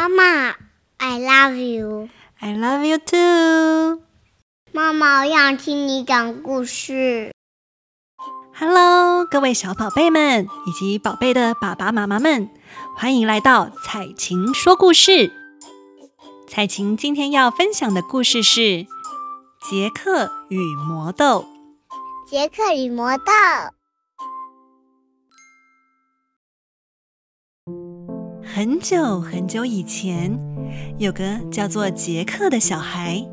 媽媽，I love you. I love you too. 媽媽，我想聽你講故事。Hello，各位小寶貝們以及寶貝的爸爸媽媽們，歡迎來到采晴說故事。采晴今天要分享的故事是《傑克與魔豆》。傑克與魔豆。很久很久以前，有個叫做傑克的小孩，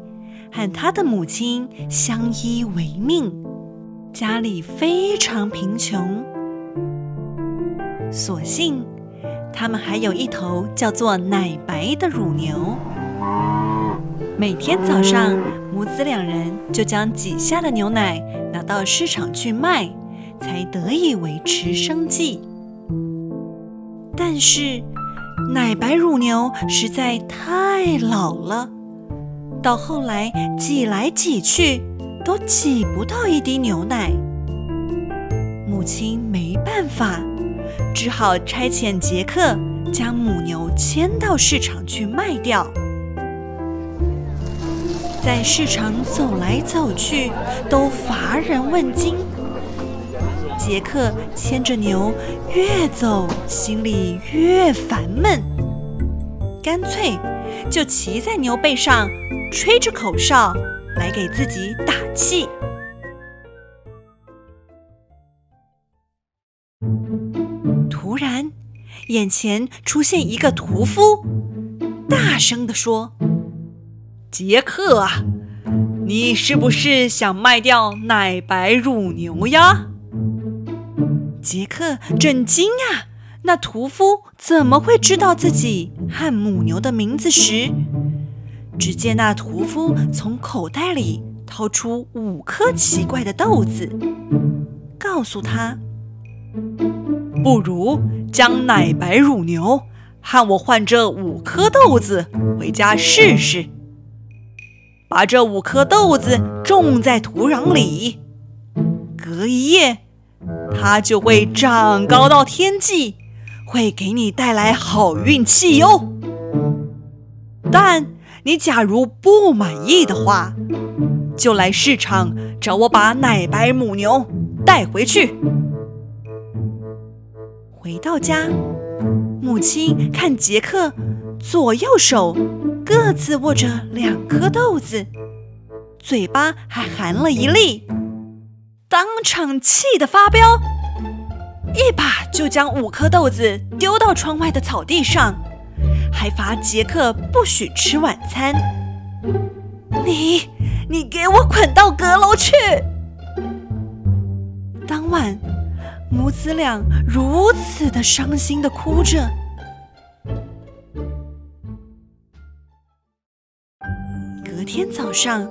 和他的母親相依為命，家裡非常貧窮。所幸，他們還有一頭叫做奶白的乳牛。每天早上，母子兩人就將擠下的牛奶拿到市場去賣，才得以維持生計。但是，奶白乳牛實在太老了，到後來擠來擠去都擠不到一滴牛奶。母親沒辦法，只好差遣傑克將母牛牽到市場去賣掉。在市場走來走去，都乏人問津。傑克牽着牛越走，心裡越煩悶，乾脆就騎在牛背上，吹着口哨來給自己打氣。突然，眼前出現一個屠夫，大聲地說：“傑克啊，你是不是想賣掉奶白乳牛呀？”傑克震驚啊！那屠夫怎麼會知道自己和母牛的名字時，只見那屠夫從口袋裡掏出五顆奇怪的豆子，告訴他：“不如將奶白乳牛和我換這五顆豆子回家試試。把這五顆豆子種在土壤裡，隔一夜。”它就會長高到天際，會給你帶來好運氣喲。但你假如不滿意的話，就來市場找我把奶白母牛帶回去。回到家，母親看傑克左右手各自握着兩顆豆子，嘴巴還含了一粒。當場氣得發飆，一把就將五顆豆子丟到窗外的草地上，還罰傑克不許吃晚餐。你，你給我滾到閣樓去！當晚，母子倆如此的傷心的哭着。隔天早上。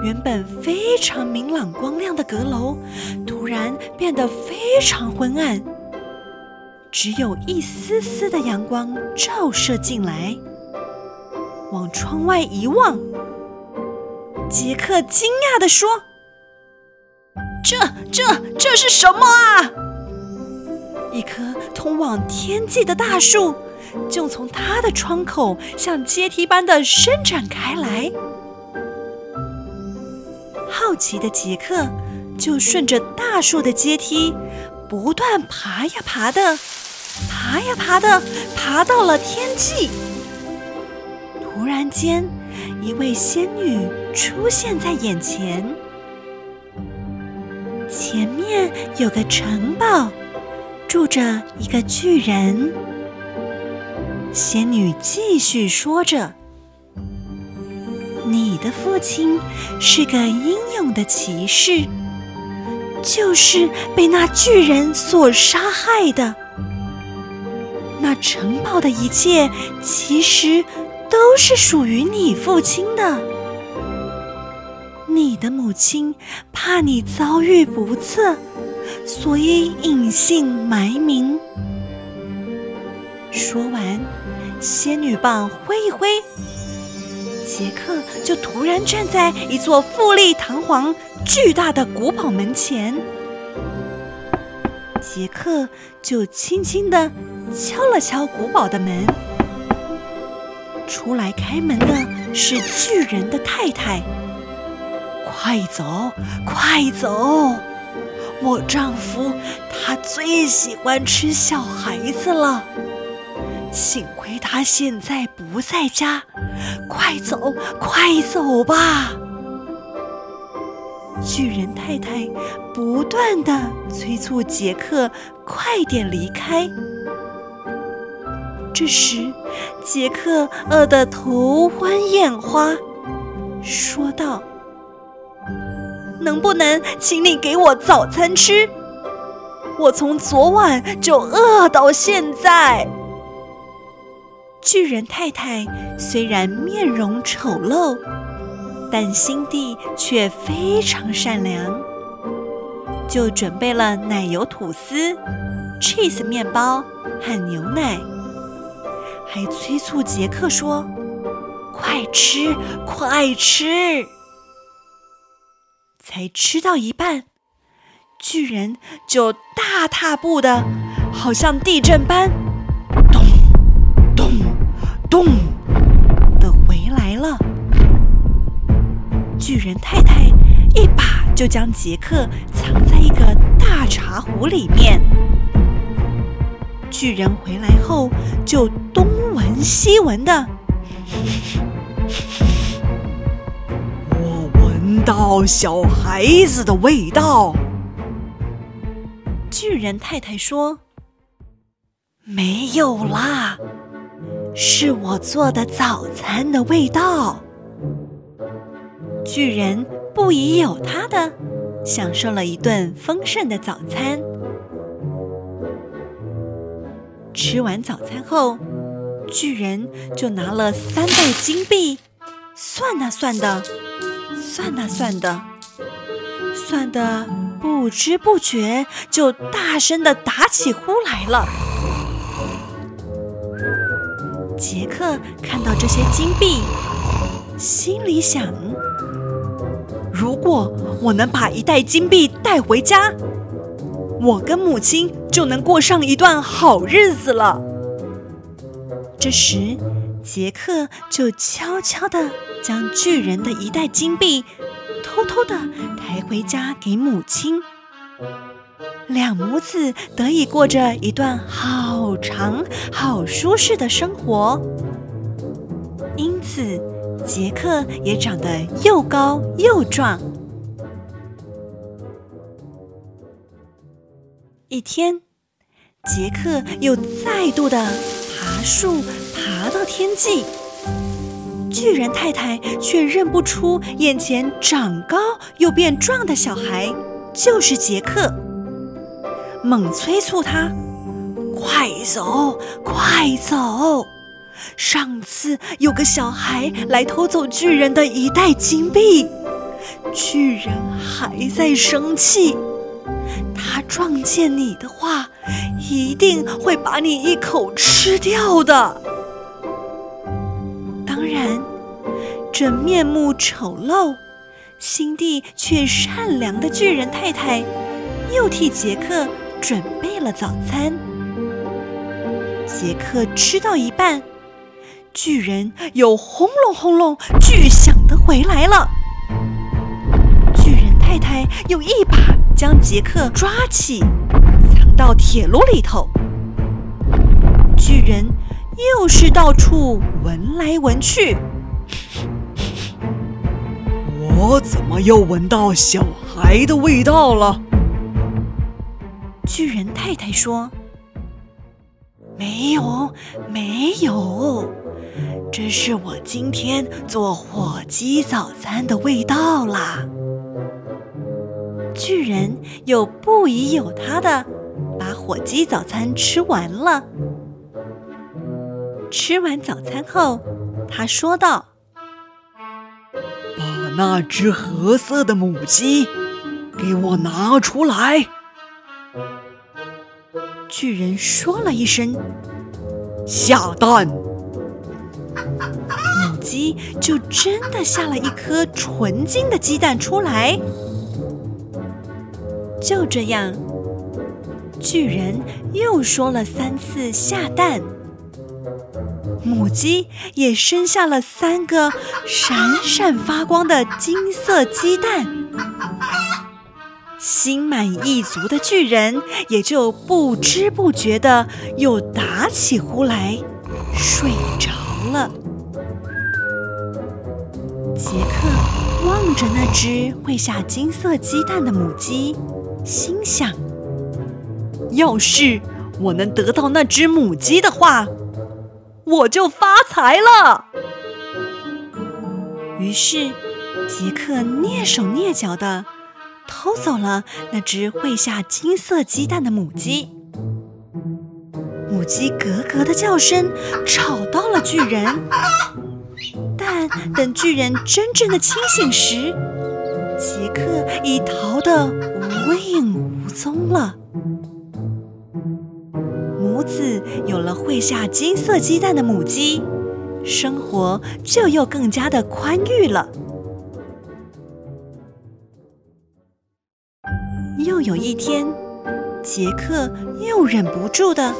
原本非常明朗光亮的閣樓，突然變得非常昏暗，只有一絲絲的陽光照射進來。往窗外一望，杰克驚訝地說：“這、這、這是什麼啊？”一棵通往天際的大樹，就從他的窗口像階梯般的伸展開來。好奇的傑克就順着大樹的階梯不斷爬呀爬的，爬呀爬的，爬到了天際。突然間，一位仙女出現在眼前，前面有個城堡，住着一個巨人。仙女繼續說着。你的父親是個英勇的騎士，就是被那巨人所殺害的。那城堡的一切其實都是屬於你父親的。你的母親怕你遭遇不測，所以隱姓埋名。說完，仙女棒揮一揮。傑克就突然站在一座富麗堂皇、巨大的古堡門前。傑克就輕輕地敲了敲古堡的門。出來開門的是巨人的太太。快走，快走！我丈夫他最喜歡吃小孩子了。幸虧他現在不在家。快走，快走吧！巨人太太不斷地催促傑克快點離開。這時，傑克餓得頭昏眼花，說道：“能不能請你給我早餐吃？我從昨晚就餓到現在。”巨人太太雖然面容醜陋，但心地卻非常善良，就準備了奶油吐司、cheese 麵包和牛奶，還催促傑克說：“快吃，快吃！”才吃到一半，巨人就大踏步的，好像地震般。咚的回來了，巨人太太一把就將傑克藏在一個大茶壺裡面。巨人回來後就東聞西聞的，我聞到小孩子的味道。巨人太太說：“沒有啦。”是我做的早餐的味道。巨人不疑有他的，享受了一頓豐盛的早餐。吃完早餐後，巨人就拿了三袋金幣，算啊、算的算的、算啊，算的算的，算的不知不覺就大聲的打起呼來了。傑克看到這些金幣，心裡想：“如果我能把一袋金幣帶回家，我跟母親就能過上一段好日子了。”這時，傑克就悄悄地將巨人的一袋金幣偷偷地抬回家給母親。兩母子得以過着一段好長、好舒適的生活，因此，傑克也長得又高又壯。一天，傑克又再度的爬樹，爬到天際，巨人太太卻認不出眼前長高又變壯的小孩就是傑克。猛催促他：“快走，快走！上次有個小孩來偷走巨人的一袋金幣，巨人還在生氣。他撞見你的話，一定會把你一口吃掉的。當然，這面目醜陋、心地卻善良的巨人太太，又替傑克。”準備了早餐，傑克吃到一半，巨人又轟隆轟隆巨響的回來了。巨人太太又一把將傑克抓起，藏到鐵爐裡頭。巨人又是到處聞來聞去，我怎麼又聞到小孩的味道了？陳太太說：“沒有，沒有，這是我今天做火雞早餐的味道啦。”巨人又不疑有他的，把火雞早餐吃完了。吃完早餐後，他說道：“把那隻褐色的母雞給我拿出來。”巨人說了一聲“下蛋”，母雞就真的下了一顆純金的雞蛋出來。就這樣，巨人又說了三次“下蛋”，母雞也生下了三個閃閃發光的金色雞蛋。心滿意足的巨人也就不知不覺地又打起呼來，睡着了。傑克望着那只會下金色雞蛋的母雞，心想：“要是我能得到那只母雞的話，我就發財了。”於是，傑克躡手躡腳地偷走了那隻會下金色雞蛋的母雞，母雞咯咯咯的叫聲吵到了巨人。但等巨人真正的清醒時，傑克已逃得無影無蹤了。母子有了會下金色雞蛋的母雞，生活就又更加的寬裕了。有一天，傑克又忍不住的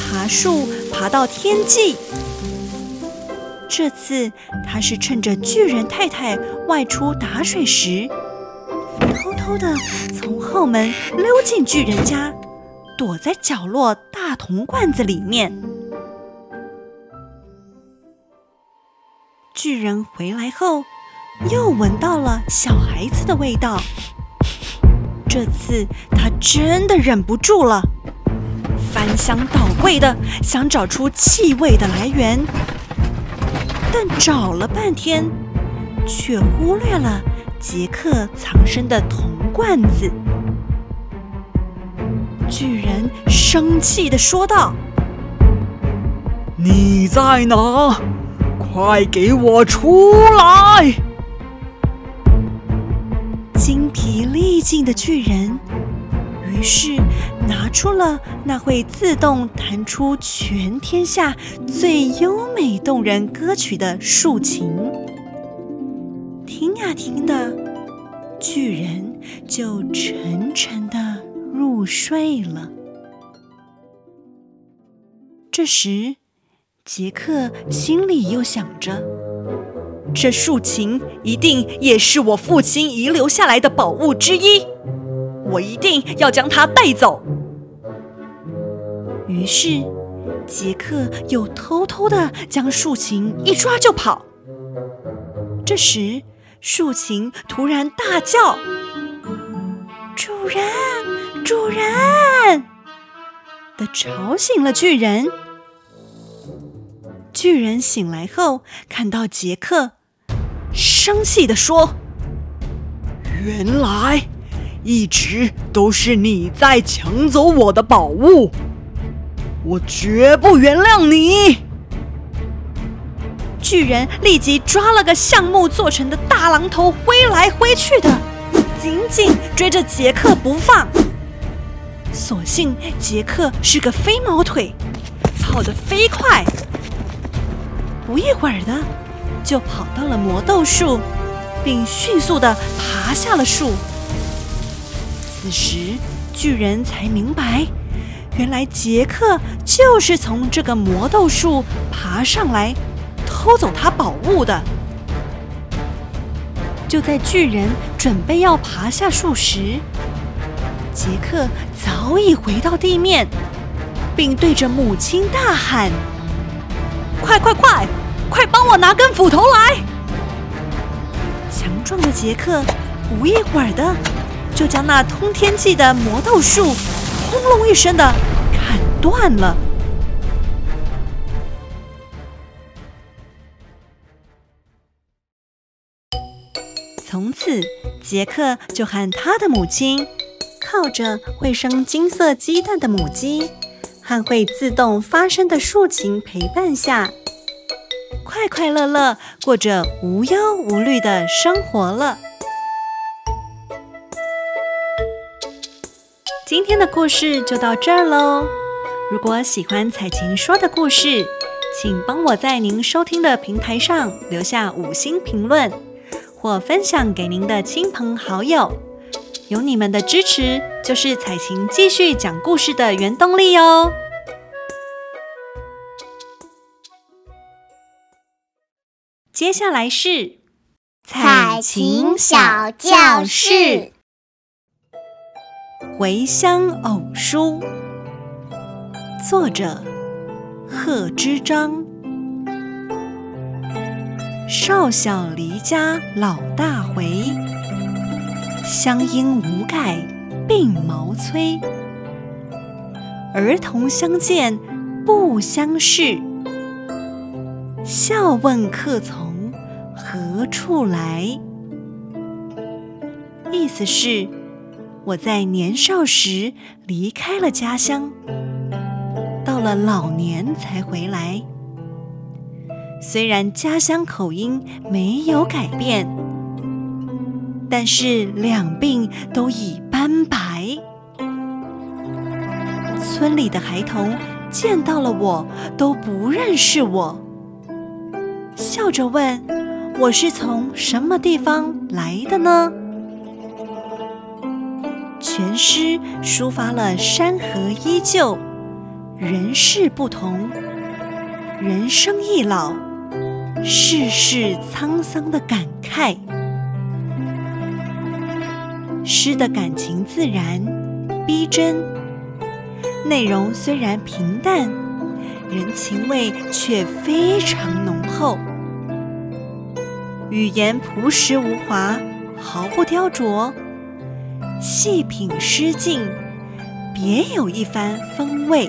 爬樹，爬到天際。這次他是趁着巨人太太外出打水時，偷偷的從後門溜進巨人家，躲在角落大銅罐子裡面。巨人回來後，又聞到了小孩子的味道。這次他真的忍不住了，翻箱倒櫃的想找出氣味的來源，但找了半天，卻忽略了傑克藏身的銅罐子。巨人生氣的說道：“你在哪？快給我出來！”靜的巨人，於是拿出了那會自動彈出全天下最優美動人歌曲的豎琴，聽呀聽的，巨人就沉沉的入睡了。這時，杰克心裡又想着，這豎琴一定也是我父親遺留下來的寶物之一，我一定要將它帶走。於是，傑克又偷偷地將豎琴一抓就跑。這時，豎琴突然大叫：“主人，主人！”的吵醒了巨人。巨人醒來後，看到傑克。生氣地說：“原來一直都是你在搶走我的寶物，我絕不原諒你！”巨人立即抓了個橡木做成的大榔頭，揮來揮去的，緊緊追着傑克不放。所幸傑克是個飛毛腿，跑得飛快。不一會兒的。就跑到了魔豆樹，並迅速地爬下了樹。此時，巨人才明白，原來傑克就是從這個魔豆樹爬上來偷走他寶物的。就在巨人準備要爬下樹時，傑克早已回到地面，並對着母親大喊：“快快快！”快幫我拿根斧頭來！強壯的傑克不一會兒的，就將那通天際的魔豆樹轟隆一聲的砍斷了。從此，傑克就和他的母親，靠着會生金色雞蛋的母雞，和會自動發聲的豎琴陪伴下，快快樂樂過着無憂無慮的生活了。今天的故事就到這兒嘍。如果喜歡采晴說的故事，請幫我在您收聽的平台上留下五星評論，或分享給您的親朋好友。有你們的支持，就是采晴繼續講故事的原動力哦。接下來是采晴小教室，《回鄉偶書》作者賀知章。少小離家老大回，鄉音無改鬢毛衰。兒童相見不相識，笑問客從何處來？意思是我在年少時離開了家鄉，到了老年才回來。雖然家鄉口音沒有改變，但是兩鬢都已斑白。村裡的孩童見到了我，都不認識我。笑着問：“我是從什麼地方來的呢？”全詩抒發了山河依舊、人事不同、人生易老、世事滄桑的感慨。詩的感情自然、逼真，內容雖然平淡，人情味卻非常濃厚。語言樸實無華，毫不雕琢，細品詩境，別有一番風味。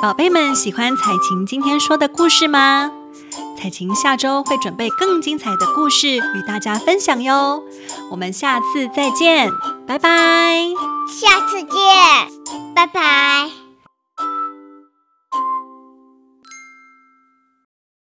寶貝們，喜歡采晴今天說的故事嗎？采晴下周會準備更精彩的故事與大家分享喲。我們下次再見，拜拜！下次見，拜拜。